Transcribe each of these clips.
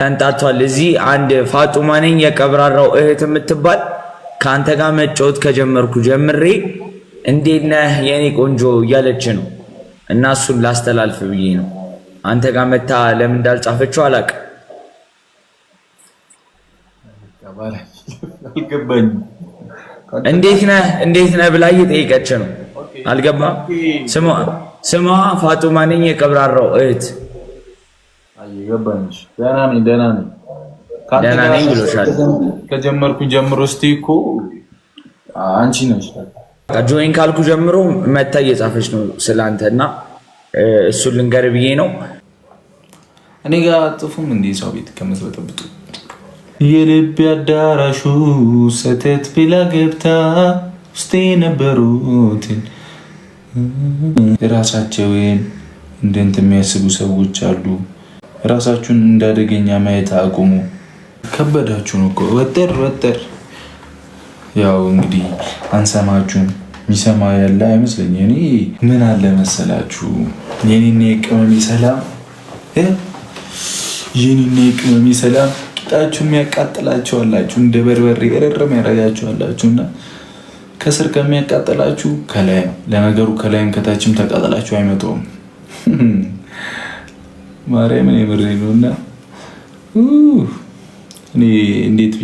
ተንጣቷል። እዚህ አንድ ፋጡማ ነኝ የቀብራራው እህት የምትባል ከአንተ ጋር መጫወት ከጀመርኩ ጀምሬ እንዴት ነህ የኔ ቆንጆ እያለች ነው እና እሱን ላስተላልፍ ብዬ ነው። አንተ ጋር መታ ለምን እንዳልጻፈችው አላውቅም። እንዴት ነህ እንዴት ነህ ብላ እየጠየቀች ነው። አልገባም። ስሟ ፋጡማ ነኝ የቀብራራው እህት ገባኝ። ደህና ነኝ፣ ደህና ነኝ፣ ደህና ነኝ ብሎሻል። ከጀመርኩ ጀምሮ እስቲ እኮ አንቺ ነሽ ጆይን ካልኩ ጀምሮ መታ እየጻፈች ነው ስለአንተ እና እሱን ልንገር ብዬ ነው። እኔ ጋር ጥፉም እንዲህ ሰው ቤት ከምትበጠብጡ የልብ አዳራሹ ሰተት ብላ ገብታ ውስጥ የነበሩትን የራሳቸውን እንደንት የሚያስቡ ሰዎች አሉ። ራሳችሁን እንዳደገኛ ማየት አቁሙ። ከበዳችሁን እኮ ወጠር ወጠር። ያው እንግዲህ አንሰማችሁም። የሚሰማ ያለ አይመስለኝ። እኔ ምን አለ መሰላችሁ የኔና የቅመሜ ሰላም የኔና የቅመሜ ሰላም ቂጣችሁ የሚያቃጥላችኋላችሁ እንደ በርበሬ ረረም ያረጋችኋላችሁ እና ከስር ከሚያቃጥላችሁ ከላይም ለነገሩ ከላይም ከታችም ተቃጥላችሁ አይመጣውም። ማርያምን የምሬ ነው እና እኔ እንዴት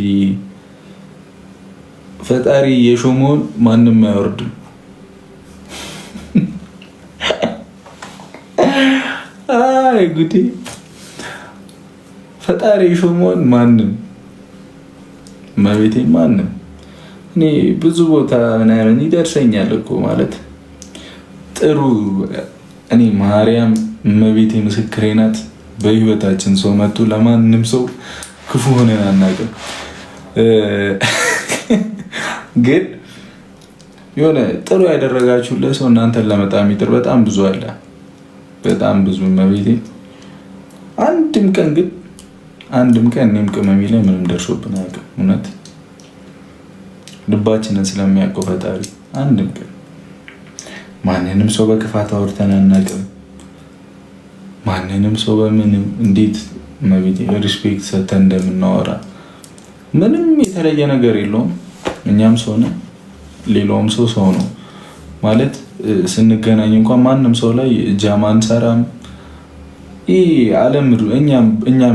ፈጣሪ የሾመውን ማንም አያወርድም። አይ ጉዴ! ፈጣሪ የሾመውን ማንም መቤቴ ማንም እኔ ብዙ ቦታ ምናምን ይደርሰኛል እኮ ማለት ጥሩ እኔ ማርያም እመቤቴ ምስክሬ ናት። በህይወታችን ሰው መጥቶ ለማንም ሰው ክፉ ሆነን አናውቅም። ግን የሆነ ጥሩ ያደረጋችሁ ሰው እናንተን ለመጣ ይጥር በጣም ብዙ አለ፣ በጣም ብዙ እመቤቴ። አንድም ቀን ግን አንድም ቀን እኔም ቅመሜ ላይ ምንም ደርሶብን አያውቅም። እውነት ልባችንን ስለሚያውቀው ፈጣሪ አንድም ቀን ማንንም ሰው በክፋት አውርተን አናውቅም። ማንንም ሰው በምንም እንዴት መቤት ሪስፔክት ሰተን እንደምናወራ ምንም የተለየ ነገር የለውም። እኛም ሰው ነን፣ ሌላውም ሰው ሰው ነው ማለት ስንገናኝ እንኳን ማንም ሰው ላይ ጃማ አንሰራም። ይህ አለም እኛም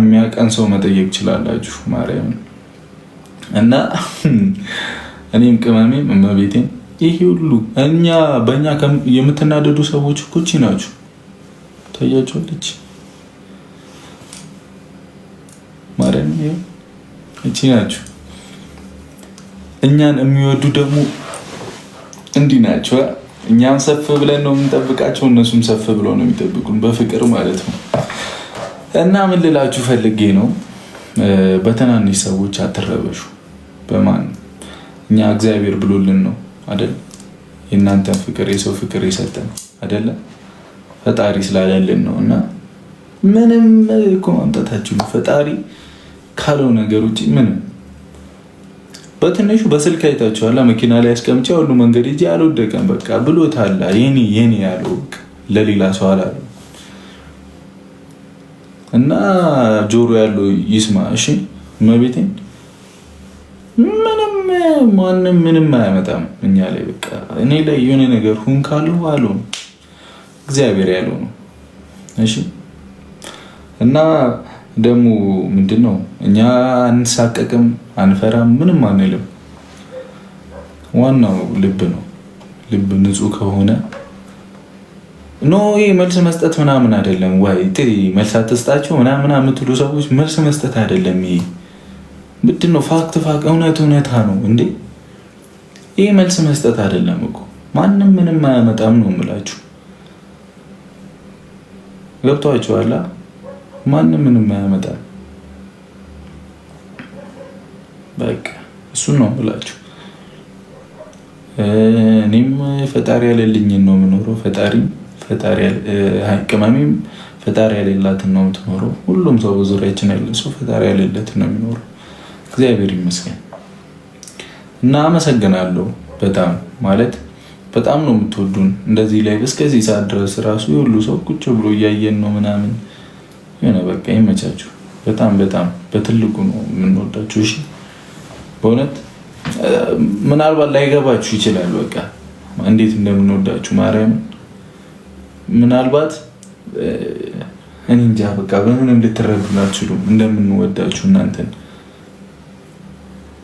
የሚያቀን ሰው መጠየቅ ይችላላችሁ። ማርያም እና እኔም ቅመሜም እመቤቴም ይህ ሁሉ እኛ በእኛ የምትናደዱ ሰዎች እኮ ናችሁ። ታያቸዋለች። ማርያም እቺ ናቸው። እኛን የሚወዱ ደግሞ እንዲህ ናቸው። እኛም ሰፍ ብለን ነው የምንጠብቃቸው፣ እነሱም ሰፍ ብለው ነው የሚጠብቁን በፍቅር ማለት ነው። እና ምን ልላችሁ ፈልጌ ነው፣ በትናንሽ ሰዎች አትረበሹ። በማን እኛ እግዚአብሔር ብሎልን ነው አደለም? የእናንተን ፍቅር የሰው ፍቅር የሰጠን አይደለም? ፈጣሪ ስላለልን ነው እና ምንም እኮ ማምጣታችሁ ፈጣሪ ካለው ነገር ውጭ ምንም በትንሹ በስልክ አይታችኋላ። መኪና ላይ አስቀምጫ ሁሉ መንገድ እጂ አልወደቀም በቃ ብሎታላ። የኔ የኔ ያለው ለሌላ ሰው አላለ እና ጆሮ ያለው ይስማ። እሺ መቤቴን ምንም ማንም ምንም አያመጣም እኛ ላይ በቃ እኔ ላይ የሆነ ነገር ሁን ካሉ አሉ እግዚአብሔር ያለው ነው። እሺ እና ደግሞ ምንድን ነው እኛ አንሳቀቅም፣ አንፈራም፣ ምንም አንልም። ዋናው ልብ ነው። ልብ ንጹህ ከሆነ ኖ ይህ መልስ መስጠት ምናምን አይደለም። ወይ መልስ አትስጣቸው ምናምን የምትሉ ሰዎች መልስ መስጠት አይደለም። ይሄ ምንድን ነው? ፋክት ፋክት፣ እውነት እውነታ ነው እንዴ! ይህ መልስ መስጠት አይደለም እኮ ማንም ምንም አያመጣም ነው የምላችሁ። ገብቷቸዋል። ማንም ምንም አያመጣም። በቃ እሱን ነው ብላችሁ እኔም ፈጣሪ ያለልኝን ነው የምኖረው። ፈጣሪ ቅመሜም ፈጣሪ ያሌላትን ነው የምትኖረው። ሁሉም ሰው በዙሪያችን ያለ ሰው ፈጣሪ ያሌለትን ነው የሚኖረው። እግዚአብሔር ይመስገን እና አመሰግናለሁ በጣም ማለት በጣም ነው የምትወዱን። እንደዚህ ላይ እስከዚህ ሰዓት ድረስ ራሱ የሁሉ ሰው ቁጭ ብሎ እያየን ነው ምናምን የሆነ በቃ ይመቻችሁ። በጣም በጣም በትልቁ ነው የምንወዳችሁ። እሺ በእውነት ምናልባት ላይገባችሁ ይችላል። በቃ እንዴት እንደምንወዳችሁ ማርያም፣ ምናልባት እኔ እንጃ በቃ በምን እንድትረዱናችሁ እንደምንወዳችሁ እናንተን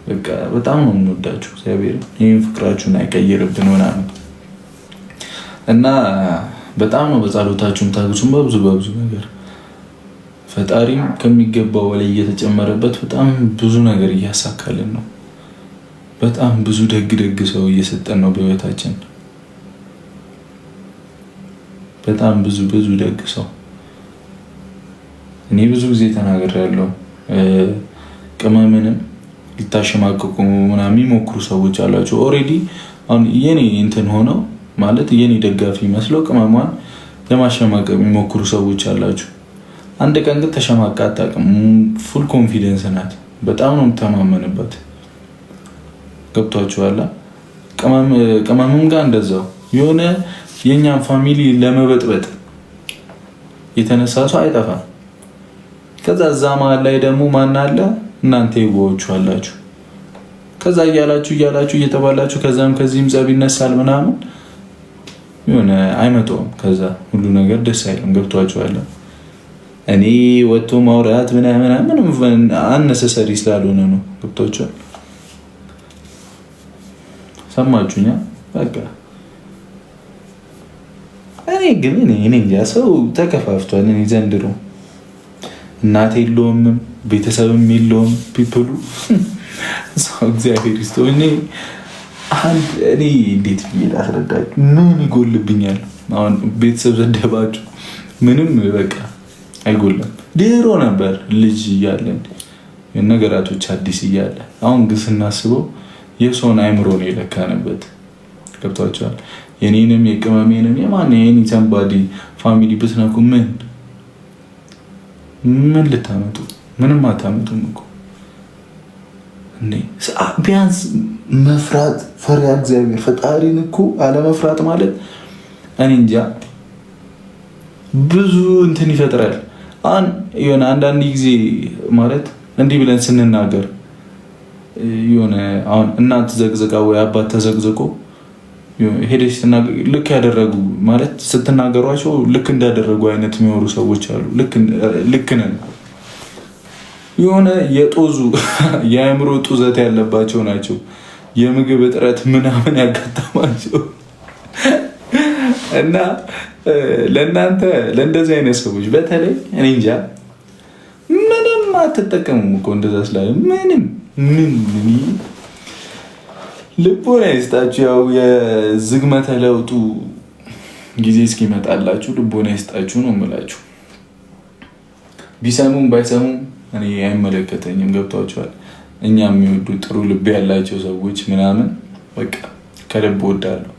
በቃ በጣም ነው የምንወዳችሁ። እግዚአብሔር ይህን ፍቅራችሁን አይቀይርብን ምናምን እና በጣም ነው በጸሎታችሁም ታግሱም በብዙ በብዙ ነገር ፈጣሪም ከሚገባው በላይ እየተጨመረበት በጣም ብዙ ነገር እያሳካልን ነው። በጣም ብዙ ደግ ደግ ሰው እየሰጠን ነው በህይወታችን። በጣም ብዙ ብዙ ደግ ሰው እኔ ብዙ ጊዜ ተናግሬያለሁ። ቅመምንም ሊታሸማቀቁ ምናምን የሚሞክሩ ሰዎች አሏቸው። ኦልሬዲ አሁን የኔ እንትን ሆነው ማለት የኔ ደጋፊ መስለው ቅመሟን ለማሸማቀቅ የሚሞክሩ ሰዎች አላችሁ። አንድ ቀን ግን ተሸማቃ አታውቅም። ፉል ኮንፊደንስ ናት። በጣም ነው የምተማመንበት። ገብቷችኋል? ቅመምም ጋር እንደዛው የሆነ የእኛን ፋሚሊ ለመበጥበጥ የተነሳ ሰው አይጠፋም። ከዛ እዛ መሀል ላይ ደግሞ ማን አለ? እናንተ የዋሆቹ አላችሁ። ከዛ እያላችሁ እያላችሁ እየተባላችሁ ከዛም ከዚህም ጸብ ይነሳል ምናምን የሆነ አይመጣውም። ከዛ ሁሉ ነገር ደስ አይልም። ገብቷችኋል። እኔ ወጥቶ ማውራት ምናምን ምንም አነሰሰሪ ስላልሆነ ነው። ገብቷችኋል። ሰማችሁኛ? በቃ እኔ ግን እኔ እንጃ ሰው ተከፋፍቷል። እኔ ዘንድሮ እናት የለውም ቤተሰብም የለውም ፒፕሉ እግዚአብሔር ይስጠው። እኔ አንድ እኔ እንዴት ብዬ ላስረዳችሁ? ምን ይጎልብኛል? አሁን ቤተሰብ ዘደባችሁ ምንም በቃ አይጎላም። ድሮ ነበር ልጅ እያለን ነገራቶች አዲስ እያለ አሁን ግን ስናስበው የሰውን አይምሮ ነው የለካንበት። ገብቷቸዋል። የኔንም የቅመሜንም የማን የኔ ፋሚሊ ብትነኩ ምን ምን ልታመጡ? ምንም አታመጡም እኮ ቢያንስ መፍራት ፈሪያ እግዚአብሔር ፈጣሪን እኮ አለመፍራት ማለት እኔ እንጃ ብዙ እንትን ይፈጥራል። የሆነ አንዳንድ ጊዜ ማለት እንዲህ ብለን ስንናገር የሆነ አሁን እናት ዘቅዘቃ ወይ አባት ተዘግዝቆ? ሄደች ልክ ያደረጉ ማለት ስትናገሯቸው ልክ እንዳደረጉ አይነት የሚወሩ ሰዎች አሉ። ልክ ነን የሆነ የጦዙ የአእምሮ ጡዘት ያለባቸው ናቸው። የምግብ እጥረት ምናምን ያጋጠማቸው እና ለእናንተ ለእንደዚህ አይነት ሰዎች በተለይ እኔ እንጃ ምንም አትጠቀሙም እኮ እንደዛ ስላለ ምንም ምን ልቦና ይስጣችሁ። ያው የዝግመተ ለውጡ ጊዜ እስኪመጣላችሁ ልቦና ይስጣችሁ ነው የምላችሁ። ቢሰሙም ባይሰሙም እኔ አይመለከተኝም። ገብቷችኋል። እኛ የሚወዱ ጥሩ ልብ ያላቸው ሰዎች ምናምን በቃ ከልብ ወዳለሁ።